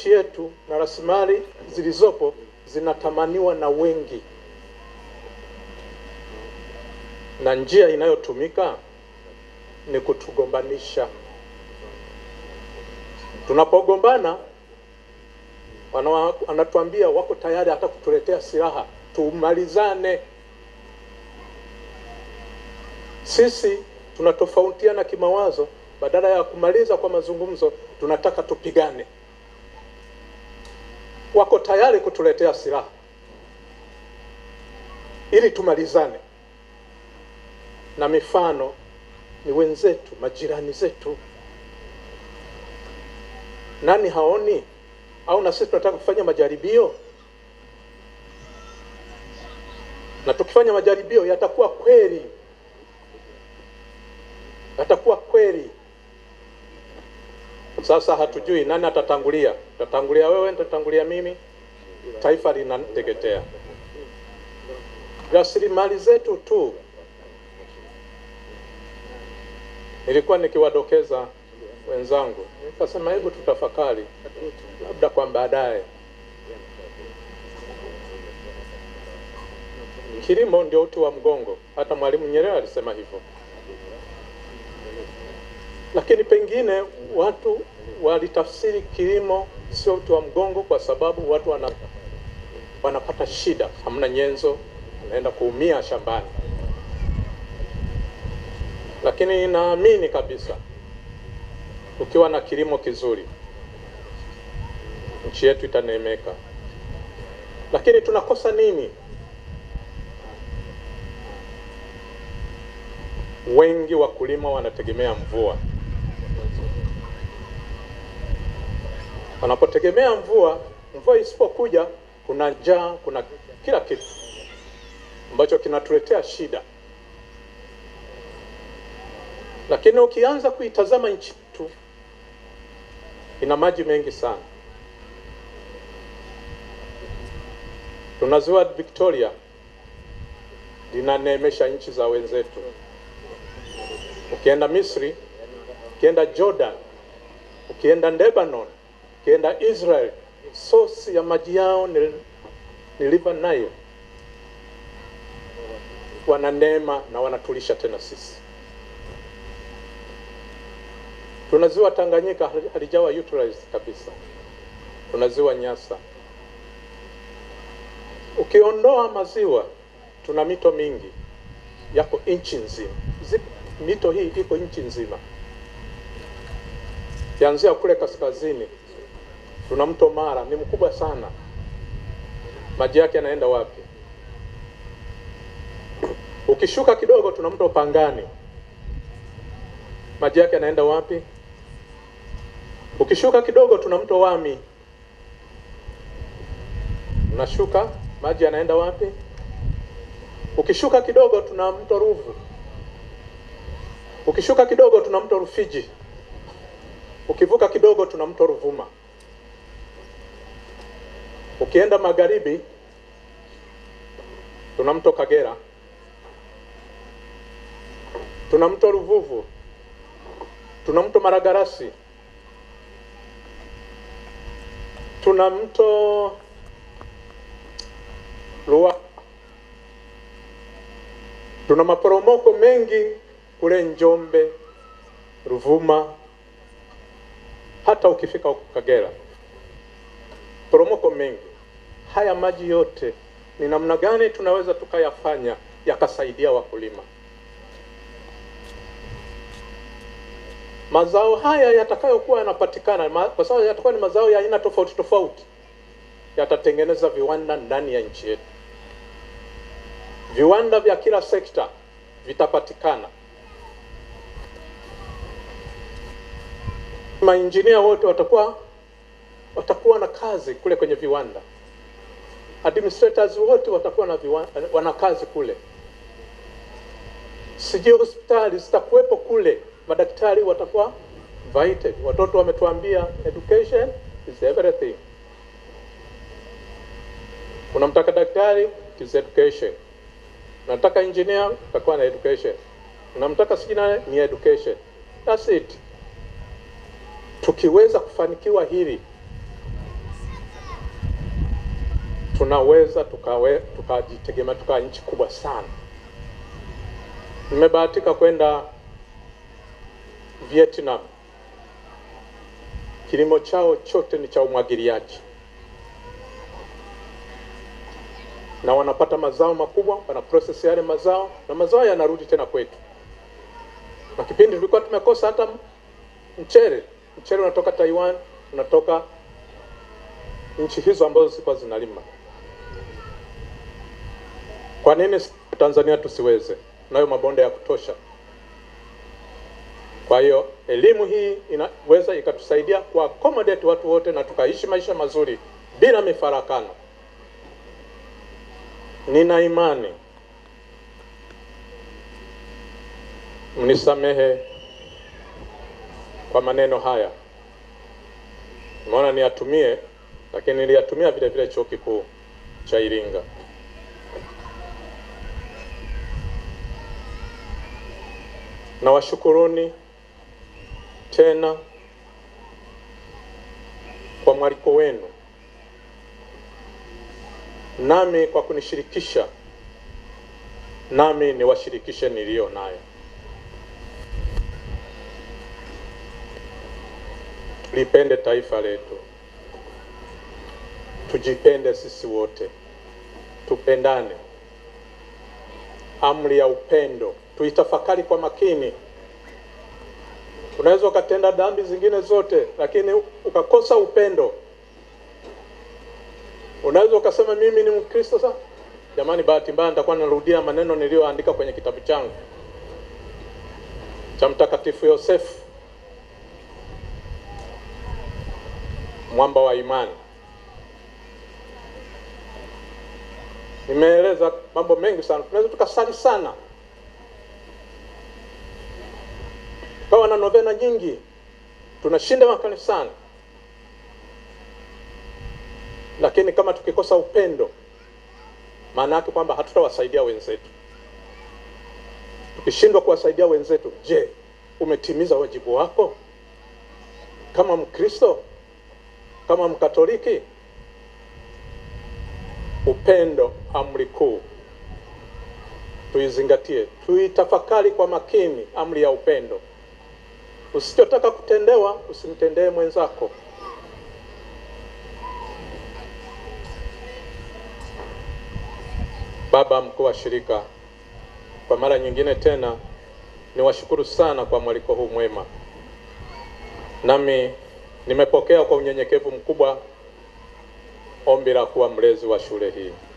nchi yetu na rasilimali zilizopo zinatamaniwa na wengi, na njia inayotumika ni kutugombanisha. Tunapogombana wanatuambia wako tayari hata kutuletea silaha tumalizane. Sisi tunatofautiana kimawazo, badala ya kumaliza kwa mazungumzo, tunataka tupigane wako tayari kutuletea silaha ili tumalizane. Na mifano ni wenzetu, majirani zetu. Nani haoni? Au na sisi tunataka kufanya majaribio, na tukifanya majaribio yatakuwa kweli, yatakuwa kweli. Sasa hatujui nani atatangulia, tatangulia wewe, nitatangulia mimi, taifa linateketea. Rasilimali zetu tu. Nilikuwa nikiwadokeza wenzangu, nikasema hebu tutafakari, labda kwa baadaye, kilimo ndio uti wa mgongo. Hata Mwalimu Nyerere alisema hivyo. Lakini pengine watu walitafsiri kilimo sio uti wa mgongo, kwa sababu watu wana, wanapata shida, hamna nyenzo, anaenda kuumia shambani. Lakini naamini kabisa ukiwa na kilimo kizuri nchi yetu itaneemeka. Lakini tunakosa nini? Wengi wakulima wanategemea mvua. Wanapotegemea mvua, mvua isipokuja, kuna njaa, kuna kila kitu ambacho kinatuletea shida. Lakini ukianza kuitazama nchi tu, ina maji mengi sana. Tuna ziwa Victoria linaneemesha nchi za wenzetu. Ukienda Misri, ukienda Jordan, ukienda Lebanon Kienda Israel, sosi ya maji yao niliva nayo, wana neema na wanatulisha tena sisi. Tuna ziwa Tanganyika halijawa utilized kabisa, tuna ziwa Nyasa. Ukiondoa maziwa, tuna mito mingi yako nchi nzima. Mito hii iko nchi nzima, kianzia kule kaskazini Tuna mto Mara, ni mkubwa sana, maji yake yanaenda wapi? Ukishuka kidogo, tuna mto Pangani, maji yake yanaenda wapi? Ukishuka kidogo, tuna mto Wami, unashuka maji yanaenda wapi? Ukishuka kidogo, tuna mto Ruvu, ukishuka kidogo, tuna mto Rufiji, ukivuka kidogo, tuna mto Ruvuma. Ukienda magharibi tuna mto Kagera, tuna mto Ruvuvu, tuna mto Maragarasi, tuna mto Ruaha. Tuna maporomoko mengi kule Njombe, Ruvuma, hata ukifika huko Kagera, poromoko mengi haya maji yote ni namna gani tunaweza tukayafanya yakasaidia wakulima. Mazao haya yatakayokuwa yanapatikana ma, kwa sababu yatakuwa ni mazao ya aina tofauti tofauti, yatatengeneza viwanda ndani ya nchi yetu. Viwanda vya kila sekta vitapatikana. Mainjinia wote watakuwa watakuwa na kazi kule kwenye viwanda administrators wote watakuwa na wana kazi kule, sijui hospitali zitakuwepo kule, madaktari watakuwa invited. Watoto wametuambia education is everything. Unamtaka daktari is education, nataka engineer utakuwa na education, unamtaka sijina ni education. That's it. Tukiweza kufanikiwa hili tunaweza tukajitegemea tuka, nchi kubwa sana. Nimebahatika kwenda Vietnam, kilimo chao chote ni cha umwagiliaji na wanapata mazao makubwa, wana process yale mazao na mazao yanarudi tena kwetu. Na kipindi tulikuwa tumekosa hata mchere, mchere unatoka Taiwan, unatoka nchi hizo ambazo zilikuwa zinalima. Kwa nini Tanzania tusiweze? Tunayo mabonde ya kutosha. Kwa hiyo elimu hii inaweza ikatusaidia ku accommodate watu wote na tukaishi maisha mazuri bila mifarakano. Nina imani, mnisamehe kwa maneno haya, umeona niyatumie, lakini niliyatumia vile vile chuo kikuu cha Iringa. na washukuruni tena kwa mwaliko wenu nami kwa kunishirikisha, nami niwashirikishe niliyo nayo. Lipende taifa letu, tujipende sisi wote, tupendane. Amri ya upendo tuitafakari kwa makini. Unaweza ukatenda dhambi zingine zote, lakini ukakosa upendo. Unaweza ukasema mimi ni Mkristo sasa. Jamani, bahati mbaya nitakuwa narudia maneno niliyoandika kwenye kitabu changu cha Mtakatifu Yosefu, mwamba wa imani. Nimeeleza mambo mengi sana, tunaweza tukasali sana Kawa na novena nyingi, tunashinda makanisani, lakini kama tukikosa upendo, maana yake kwamba hatutawasaidia wenzetu. Tukishindwa kuwasaidia wenzetu, je, umetimiza wajibu wako kama Mkristo, kama Mkatoliki? Upendo amri kuu, tuizingatie, tuitafakari kwa makini amri ya upendo. Usichotaka kutendewa usimtendee mwenzako. Baba mkuu wa shirika, kwa mara nyingine tena niwashukuru sana kwa mwaliko huu mwema, nami nimepokea kwa unyenyekevu mkubwa ombi la kuwa mlezi wa shule hii.